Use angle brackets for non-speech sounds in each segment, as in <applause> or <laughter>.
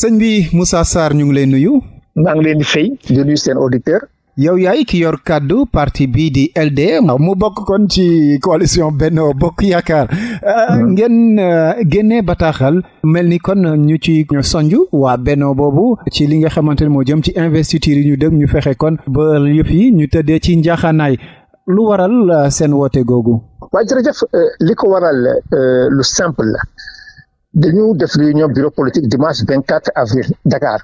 sëñ bi Moussa saar ñu ngi lay nuyu. maa ngi leen di fay di nuyu seen auditeur. yow yaay ki yor kàddu parti bii di LD. mu bokk kon ci coalition Benno Bokk Yaakaar. Euh, hmm. ngeen euh, génne bataaxal. mel ni kon ñu ci sonju waa Benno boobu. ci li nga xamante ne moo jëm ci investiture yi ñu dégg ñu fexe kon. ba yëf yi ñu tëddee ci njaaxaanaay lu waral euh, seen woote googu. waa jërëjëf li ko waral lu simple la. dañu def réunion bureau politique dimanche vingt quatre avril Dakar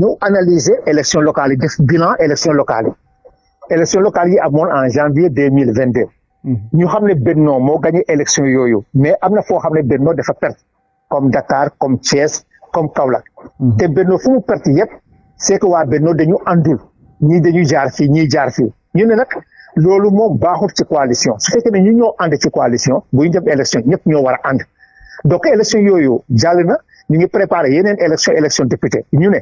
ñu analyser élection locale yi def bilan élection locale yi locale yi amoon en janvier deux mille vingt deux mhm. ñu xam ne Benno moo gagné élection yooyu mais am na foo xam ne Benno dafa perte comme Dakar comme Thiès comme Kaolack mhm. te Benno fu mu perte yëpp wa que waa Benno dañu àndul ñii dañu jaar fii ñii jaar fi ñu ne nag loolu moo baaxul ci coalition su fekkee ne ñu ñoo ànd ci coalition bu ñu dem élection ñëpp ñoo war a ànd donc élection yooyu jàll na ñu ngi préparé yeneen élection élection député ñu ne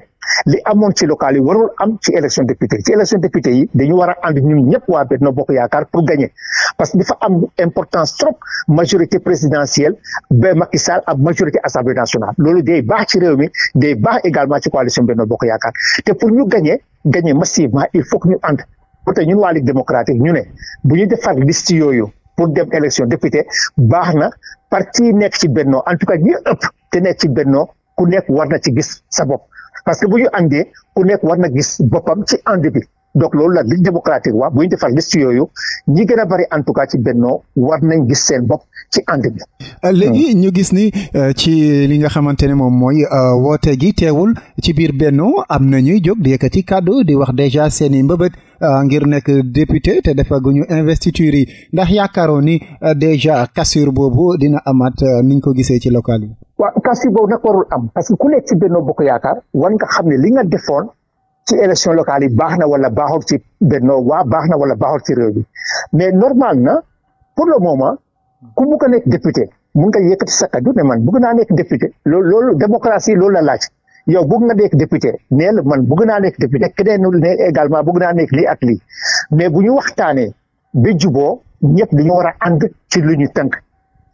li amoon ci local yi warul am ci élection député ci élection député yi dañu war a ànd ñun ñëpp waa Benno Bokk Yaakaar pour gagner parce que dafa am importance trop majorité présidentielle ba Macky Sall ak majorité assemblée nationale loolu day baax ci réew mi day baax également ci coalition Benno Bokk Yaakaar te pour ñu gagner gagner massivement il faut que ñu ànd ba tey ñun waa Ligue démocratique ñu ne bu ñu defar liste yooyu. pour dem élection député baax na parti yi nekk ci bennoo en tout cas ñi ëpp te nekk ci benno ku nekk war na ci gis sa bopp parce que bu ñu àndee ku nekk war na gis boppam ci ànd bi donc loolu la ligne démocratique wax bu ñu defar liste yooyu ñi gën a bari en tout cas ci benno war nañ gis seen bopp ci ànd bi. Euh, léegi hmm. ñu gis ni euh, ci li nga xamante ne moom mooy euh, woote gi teewul ci biir Benno am na ñuy jóg di yëkkati kàddu di wax déjà seen i mbëbët ngir nekk député te defaguñu investiture yi ndax yaakaaroon ni déjà cassure boobu dina amaat niñ ko gisee ci local yi. waaw cassure boobu nag warul am parce que ku nekk ci Benno Bokk Yaakaar war nga xam ne li nga defoon. ci élection locale yi baax na wala baaxul ci Benno waa baax na wala baaxul ci réew bi mais normal na ku bugg a nekk député mun nga yëkkati sa kaddu ne man bugg naa nekk député loolu loolu démocratie loolu la laaj yow bugg nga nekk député neel man bugg naa nekk député keneen ne également bugg naa nekk lii ak lii mais bu ñu waxtaanee ba juboo ñëpp dañoo war a ànd ci lu ñu tënk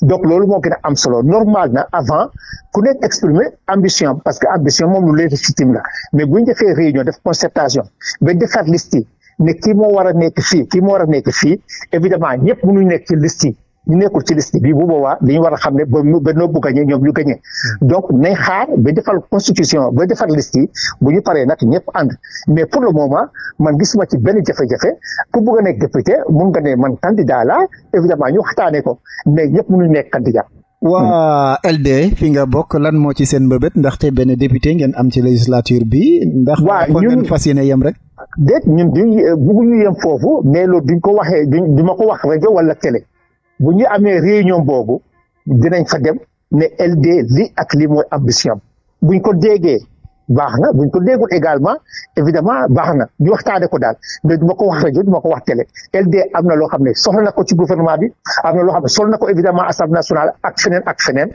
donc loolu moo gën a am solo normal na avant ku nekk exprimer ambition parce que ambition moom lu légitime la mais bu ñu defee réunion def concertation ba defaat liste yi ne kii moo war a nekk fii kii moo war a nekk fii évidemment ñëpp mënuñ nekk ci liste yi ñu nekkul ci liste bi bu boobaa dañu war a xam ne ba ba nobbu gañe ñoom ñu gañe mm. donc nañ xaar ba defal constitution ba defal liste yi bu ñu paree nag ñëpp ànd mais pour le moment man gisuma ci benn jafe-jafe ku bëgg a nekk député mun nga ne man candidat la évidemment ñu waxtaanee ko mais ñëpp mënuñ nekk candidat waa LD fi nga bokk lan moo ci seen mbëbët ndaxte benn député ngeen am ci législature bi ndax kon ngeen fas yéene yem rek déet ñun duñ bëgguñu yem foofu mais loolu duñ ko waxee duñ du ma ko wax rajo wala télé bu ñu amee réunion boobu dinañ fa dem ne LD li ak li mooy ambition buñ ko déggee baax na buñ ko déggul également évidemment baax na ñu waxtaane ko daal mais du ma ko wax rajo du ko wax télé LD am na loo xam ne soxla na ko ci gouvernement bi am na loo xam ne na ko évidemment assemblée nationale ak feneen ak feneen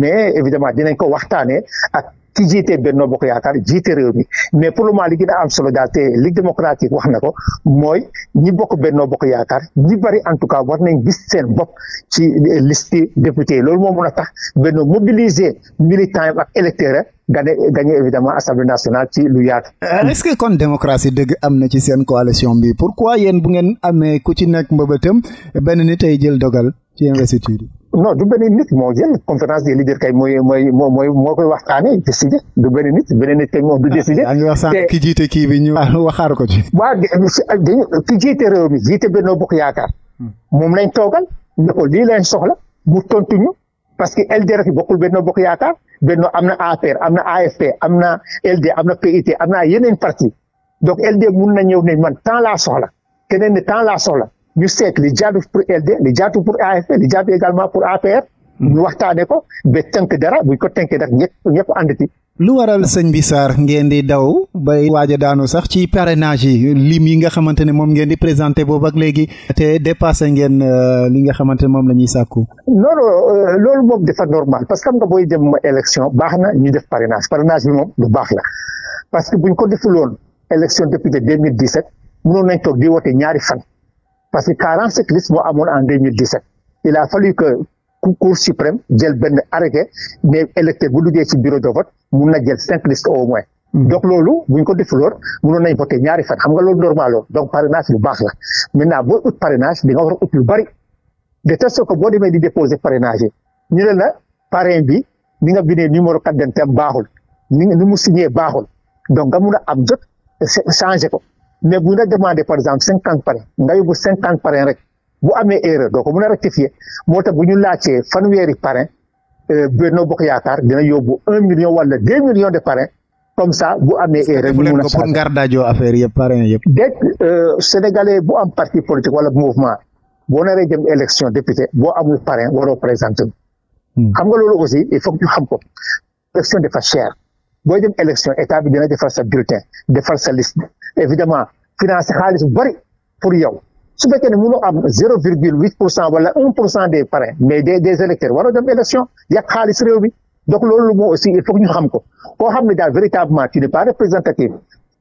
mais évidemment dinañ ko waxtaanee ak. ki jiite Benno Bokk Yaakaar jiite réew mi mais pour le moment li am solo daal te Ligue démocratique wax na ko mooy ñi bokk Benno Bokk Yaakaar ñi bari en tout cas war nañ gis seen bokk ci liste député loolu moo mën a tax Benno mobiliser militants ak électeurs gane gagné évidemment assemblée nationale ci lu yaatu. Euh, est-ce que kon démocratie dëgg am na ci seen coalition bi pourquoi yéen bu ngeen amee ku ci nekk mbëbëtam benn nit ay jël dogal ci investiture non du benn nit moo jël conférence des leaders kay mooy mooy moo koy waxtaanee décider du benn nit benn nit kay moom du décider. Ah, te yaa ngi wax sànq ki <laughs> ko ci. waa dañu ah, ki jiite réew mi jiite Benno Bokk Yaakaar hmm. moom lañ toogal ne ko lii lañ soxla mu tontu ñu parce que LDR fi bokkul Benno Bokk Yaakaar Benno am na affaire am na AFP am na LD am na PIT am na yeneen parti donc LD mun na ñëw ne man tant laa soxla keneen ne tant laa soxla. ñu seet li jaatu pour LD li jaadu pour AFP li jaadu également pour APR. Hmm. ñu waxtaanee ko ba tënk dara buñ ko tenk nag ñëpp ñëpp ànd lu waral sëñ bi Sarr ngeen di daw ba waaj a daanu sax ci parrainage yi lim yi nga xamante ne moom ngeen di présenté boobu ak léegi te dépassé ngeen euh, li nga xamante ne moom la ñuy sàkku. non non euh, loolu moom dafa normal parce que xam nga booy dem élection baax na ñu def parrainage parrainage moom lu baax la parce que buñ ko defuloon élection député 2017 mënoon nañ toog di wote ñaari fan. parce que 47 listes moo amoon en 2017 il a fallu que cour suprême jël benn arrêté mais électeur bu duggee ci bureau de vote mun na jël cinq au moins. Hmm. donc loolu bu ñu ko defuloon mënoon nañ voté ñaari fan xam nga loolu normal lool donc parrainage lu baax la maintenant boo ut parrainage di nga war a ut lu bari de telle sorte que boo demee di déposer parrainage ñu ne na parrain bi ni nga bindee numéro carte d'identité am baaxul ni nu signé baaxul donc nga mun a am jot ko. mais bu na la demandé par exemple cinquante parrain nga yóbbu cinquante parrain rek bu amee erreur doo ko na a rectifier moo tax bu ñu laajtee fanweeri parrain euh, Benno Bokk Yaakaar dina yóbbu un million wala deux millions de parrain comme ça bu amee erreur ñu mun a pour ngardaajoo affaire yëpp parrain yëpp dégg euh, sénégalais bu am parti politique wala mouvement boo naree jëm élection député boo amul parrain waroo présenté hmm. xam nga loolu aussi il faut que ñu xam ko de dafa cher boo jëm élection état bi dina defar sa bulletin defar sa liste évidemment financé xaalis bu bëri pour yow su fekkee ne mënu am zéro virgule huit pour cent wala un pour cent des parrains mais des des électeurs war a dem élection yàq xaalis réew mi donc loolu moo aussi il faut que ñu xam ko koo xam ne daal véritablement tu n'es pas représentatif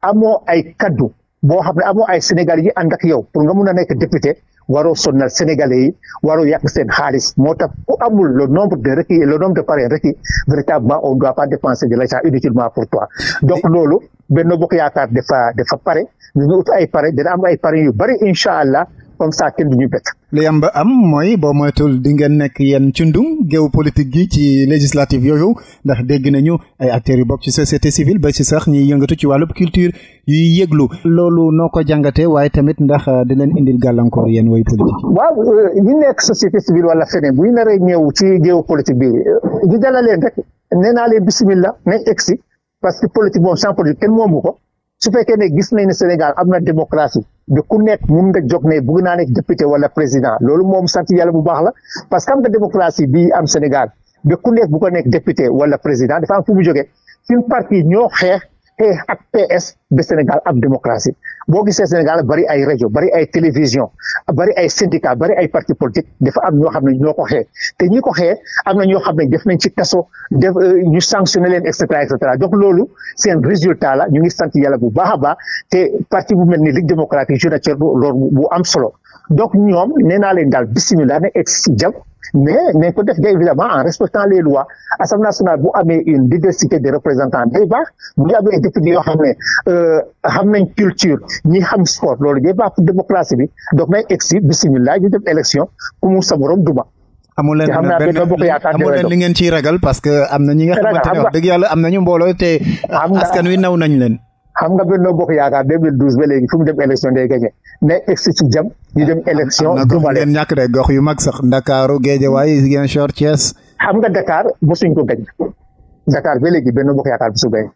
amoo ay kaddu boo xam ne amoo ay Sénégal yi ànd ak yow pour nga mun a nekk député waroo sonnal sénégal yi waroo yàq seen xaalis moo tax ku amul le nombre de requis le nombre de parrains requis véritablement o ne doit pas dépenser de l'argent inutilement pour toi donc loolu Benno Bokk Yaakaar dafa dafa pare ñu ngi ut ay pare dina am ay pare yu bari incha allah comme ça kenn du ñu bett. li yam ba am mooy boo moytul di ngeen nekk yenn ci cundum géopolitique gi ci législative yooyu ndax dégg nañu ay acteurs yu bokk ci société civile ba ci sax ñuy yëngatu ci wàllub culture yi yëglu. loolu noo ko jàngatee waaye tamit ndax euh, di leen indil gàllankoor yéen way yi. waaw euh, ñu nekk société civile wala feneen bu ñu naree ñëw ci géopolitique bi ñu dalaleen rek nee naa leen bisimilah mais egg si parce que politique moom sans politique kenn moomu ko. su fekkee ne gis nañ ne Sénégal am na démocratie de ku nekk mun nga jóg ne bëgg naa nekk député wala président loolu moom sant yàlla bu baax la parce que am nga démocratie bi am Sénégal de ku nekk bu ko nekk député wala président dafa am fu mu jógee suñu parti ñoo PS ak PS be Sénégal ab démocratie boo gisee Sénégal bari ay rajo bari ay télévision bari ay syndicat bari ay parti politique dafa am ñoo xam ne ñoo ko xee te ñi ko xee am na ñoo xam ne def nañ ci kaso def euh, ñu sanctionné leen et cetera et cetera donc loolu seen résultat la ñu ngi sant yala bu baax a baax te parti bu mel ni Ligue démocratique jeune bu loolu bu am solo donc ñoom nee na leen daal bisimilah ne egg si jam mais nañ ko def évidemment en respectant les a assemblée nationale bu amee une diversité de représentants day baax bu ñu amee député yoo xam ne euh, xam nañ culture ñi xam sport loolu day baax pour démocratie bi donc nañ egg si bisimilah ñu def élection ku mu sa morom duma amul leen benn li ngeen ciy ragal parce que am na ñi nga xamante ne wax dëgg yàlla am nañu mbooloo te askan wi naw nañ leen xam nga Benno Bokk Yaakaar 2012 ba fu mu dem élection day gagné mais ex jam ñu dem élection du bale ngeen ñàkk de yu mag sax Ndakaaru Guédiawaye Ziguinchor Thiès xam nga Dakar mosuñ ko gañ Dakar ba léegi Benno Bokk Yaakaar mosu gañ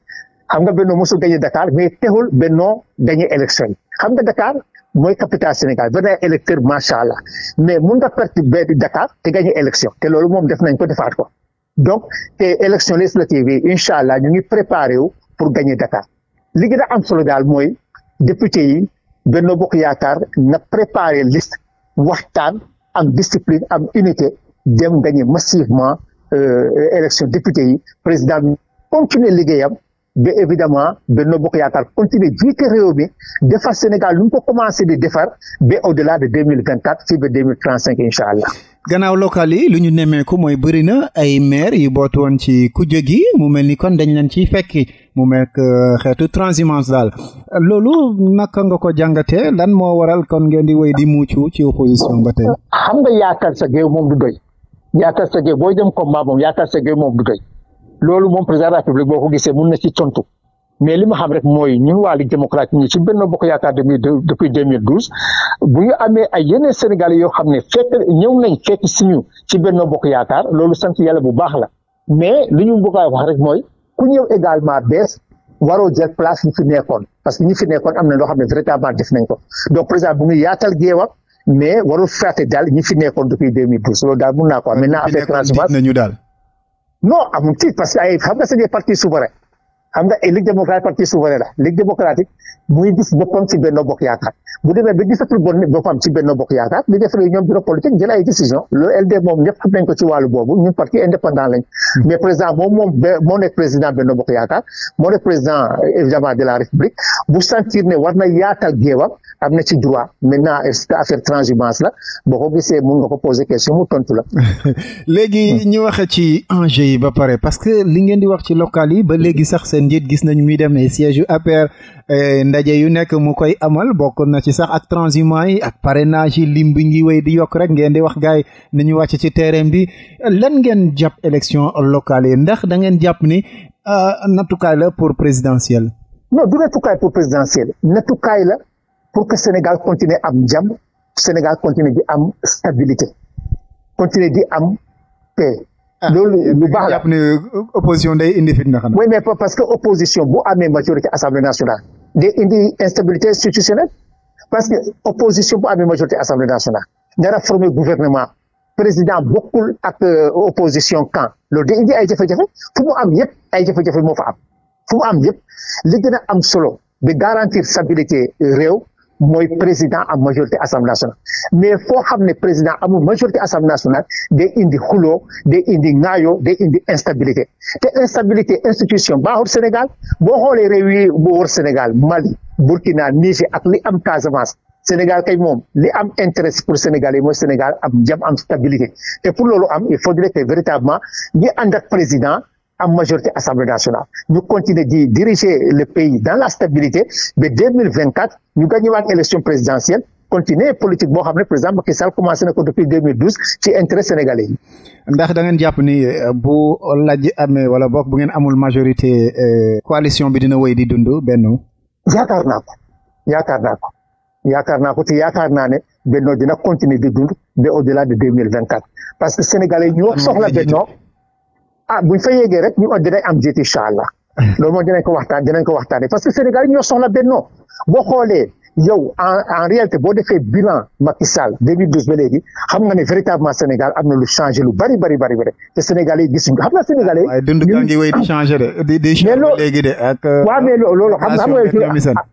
xam nga Benno mosu gañe Dakar mais texul Benno gañe élection yi xam nga Dakar mooy capitale Sénégal benn électeur macha allah mais mun ta perte benn Dakar te gagné élection te loolu moom def nañ ko defaat ko donc te élection législative yi incha allah ñu ngi préparé wu pour gagné Dakar li da am solo daal mooy député yi Benno Bokk Yaakaar na préparer liste waxtaan am discipline am unité dem gagner massivement euh, élection député yi président bi continuer liggéeyam ba évidemment Benno Bokk Yaakaar continuer jiite réew mi defar Sénégal lu mu ko commencé di defar ba au delà de deux mille vingt quatre fii ba deux mille trente cinq incha allah. gannaaw local yi lu ñu nemmeeku mooy bëri na ay maire yi bootu woon ci kujje gi mu mel ni kon dañ leen ciy fekki. mu nekk euh, xeetu transhumance daal loolu naka nga ko jàngatee lan moo waral kon ngeen di wéy di muucu ci opposition ba tey. xam nga yaakaar sa géew moom du doy yaakaar sa géew booy dem combat moom yaakaar sa géew moom du doy loolu moom président de la boo ko gisee mun na ci tontu. mais li ma xam rek mooy ñun waa Ligue démocratique ñu ci Benno Bokk Yaakaar depuis 2012 bu ñu amee ay yeneen Sénégalais yoo xam ne fekk ñëw nañ fekk si ñu ci Benno Bokk Yaakaar loolu sant yàlla bu baax la mais li ñu bëgg a wax rek mooy ku ñëw également bees waroo jël place ñu fi nekkoon parce que ñi fi nekkoon am na loo xam ne véritablement def nañ ko donc président bu ngi yaatal mais warul fàtte daal ñi fi nekkoon depuis 2012 loolu daal mun naa ko am maintenant affaire transhumance nañu daal tiit parce que ay xam nga c'est des partis souverains xam nga Ligue démocratique parti souverain la Ligue démocratique muy gis boppam ci Benno Bokk Yaakaar bu demee ba gisatul bon boppam ci Benno Bokk Yaakaar di def réunion bureau politique jël ay décision le hmm. moom moom moom moo président Benno Bokk Yaakaar moo nekk président de la République bu sentir ne war na géewam am na ci droit maintenant est affaire transhumance la boo ko gisee mun nga ko poser question mu tontu la <laughs> léegi hmm. ñu wax ci enjeu yi seen njiit gis nañu muy dem ay siège yu APR eh, ndaje yu nekk mu koy amal bokk na ci sax ak transhumance yi ak parrainage yi lim bi ngi wéy di yokk rek ngeen di wax gars yi nañu wàcc ci terrain bi lan ngeen jàpp élection locale yi ndax da ngeen jàpp ni euh, nattukaay la pour présidentielle non du nattukaay pour présidentielle nattukaay la pour que Sénégal continue am jàmm Sénégal continue di am stabilité continue di am paix Ah. loolu lu baax la jàpp ne euh, opposition day indi fitna xanaa. oui mais parce que opposition bu amee majorité assemblée nationale. day indi instabilité institutionnelle. parce que opposition bu amee majorité assemblée nationale. dara former gouvernement. président bokkul ak euh, opposition camp. loolu de indi ay jafejafe jafe fu mu am yëpp ay jafejafe jafe moo fa am fu am yëpp li gën a am solo. de garantir stabilité euh, réew mooy président am majorité assemblée nationale mais foo xam ne président amul majorité assemblée nationale day indi xuloo day indi ŋaayoo day indi instabilité te instabilité institution baaxul Sénégal boo xoolee réew yi bu wër Sénégal Mali Burkina Niger ak li am Casamance Sénégal kay moom li am intérêt pour Sénégal yi mooy Sénégal am jàmm am stabilité te pour loolu am il faudrait que véritablement ñi ànd ak président am majorité assemblée nationale ñu continuer di diriger le pays dans la stabilité ba ñu gagné waat élection présidentielle continuer politique boo xam ne président Macky Sall commencé na ko depuis deux mille douze ci intérêt sénégalais ndax da ngeen jàpp ni euh, bu laaj amee wala boog bu ngeen amul majorité euh, coalition bi dina woy di dund benn. yaakaar naa ko yaakaar naa ko yaakaar naa ko te yaakaar naa ne Benno dina continuer di dund ba au delà de deux mille vingt quatre parce que sénégalais ñoo soxla Benno. ah buñ fa yéegee rek ñu dinañ am jiit incha allah <laughs> loolu moom dinañ ko waxtaan dinañ ko waxtaanee parce que Sénégal yi ñoo soxla bennoo boo xoolee yow en en réalité boo defee bilan Macky Sall 2012 ba léegi xam nga ne véritablement Sénégal am na lu changé lu bari bari bari bari te Sénégalais yi gisuñu xam nga Sénégalais. waaye dund gaa ngi wéy di changé de di di changé léegi de ak. waaw mais euh, xam nga xam nga.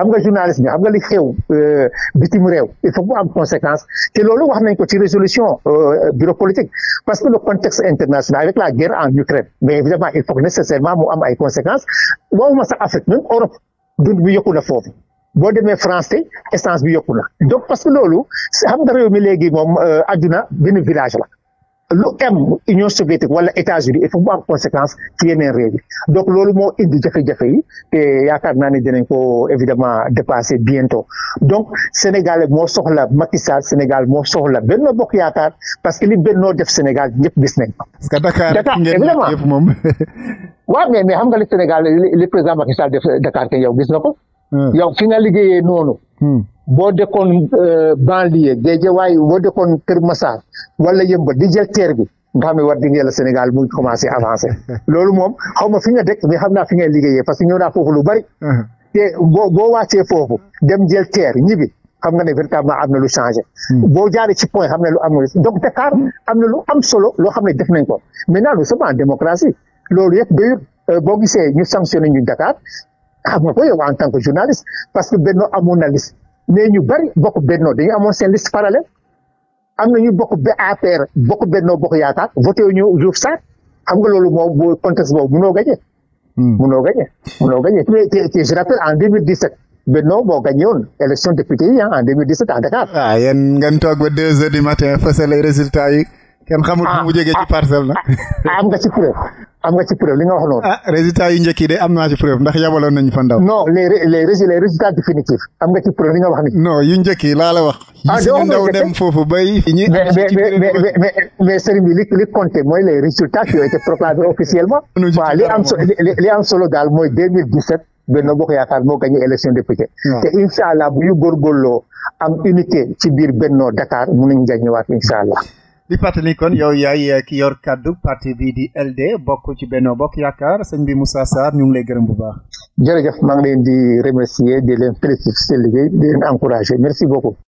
am nga journaliste bi xam nga li xew euh, bitim réew il faut mu am conséquence te loolu wax nañ ko ci résolution euh, bureau politique parce que le contexte international avec la guerre en Ukraine mais évidemment il faut nécessairement mu am ay conséquences waxuma sax Afrique même Europe dund bi yokku na foofu boo demee France te essence bi yokku na donc parce que loolu xam nga réew mi léegi moom euh, àdduna benn village la lu am Union soviétique wala États-Unis il faut mu am conséquence ci yeneen réew yi donc loolu moo indi jafe-jafe yi te yaakaar naa ne dinañ ko évidemment dépasser bientôt donc Sénégal moo soxla Macky Sall Sénégal moo soxla Benno Bokk Yaakaar parce que li Benno def Sénégal ñëpp gis nañ parce que Dakar ngeen yëpp moom waaw <laughs> mais mais xam nga le Sénégal li président Macky Sall Dakar kenn yow gis na ko. Hmm. yow fi nga liggéeyee noonu. Hmm. boo dëkkoon euh, banlieue Guédiawaye boo dëkkoon Kër Massar wala yëmba di jël terre bi nga xam ne war di la Sénégal muy commencé avancé <laughs> loolu moom xaw ma fi nga dëkk xam naa ngay liggéeyee parce que ñëw naa foofu lu bari. Uh-huh. boo boo wàccee foofu dem jël terre ñibbi xam nga ne véritablement am na lu changé. Hmm. boo jaaree ci point xam ne lu am na donc am na lu am solo loo xam ne def nañ ko maintenant nous sommes en loolu yëpp euh, boo gisee ñu sanctionné ñu dakaar xam nga koy yow en tant que journaliste parce que benn amoon na liste mais ñu bari bokk bennoo dañu amoon seen liste parallèle am na ñu bokk ba APR bokk bennoo bokk yaakaar voté wu ñu Diouf Sarr xam nga loolu moom bu contexte boobu mënoo gagné. mënoo hmm. gagné mënoo gagné te je rappelle en 2017 bennoo boo gagné woon élection député yi en 2017 à Dakar. waaw ah, yéen ngeen toog ba deux heures du matin fësal les résultats yi. kenn xamul mu ah. jógee ci ah. parcelle na ah, am nga ci preuve am nga ci preuve li nga wax noonu. ah résultat yu njëkk yi de am naa ci preuve ndax yabaloon nañu fa ndaw. non les les les am nga ci preuve li nga wax ni. non yu njëkk yi laa la wax. ah de ndaw dem foofu bay. ñi mais mais mais mais sëriñ bi li li mooy le résultats qui ont été proclamés officiellement. waaw li am solo daal mooy 2017. Benno Bokk Yaakaar moo gagné élection député te incha allah bu ñu góorgóorloo am unité ci biir Benno waat incha allah. di fàttali kon yow yaay eh, ki yor kàddu parti bi di LD bokk ci Benno Bokk Yaakaar sëñ bi Moussa Sarr ñu ngi lay gërëm bu baax. jërëjëf maa ngi leen di remercier di leen féliciter liggéey di leen encourager merci beaucoup.